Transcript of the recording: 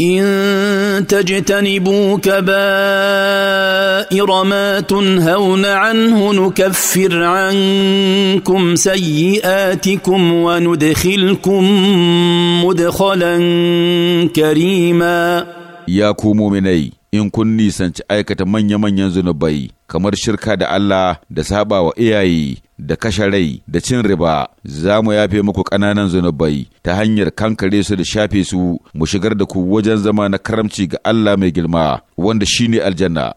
ان تجتنبوا كبائر ما تنهون عنه نكفر عنكم سيئاتكم وندخلكم مدخلا كريما يا كومومني in kun nisanci aikata manya-manyan zunubai kamar shirka da Allah da saba wa iyaye da kashe rai da cin riba za mu yafe muku ƙananan zunubai ta hanyar kankare su da shafe su mu shigar da ku wajen zama na karamci ga Allah mai girma wanda shine aljanna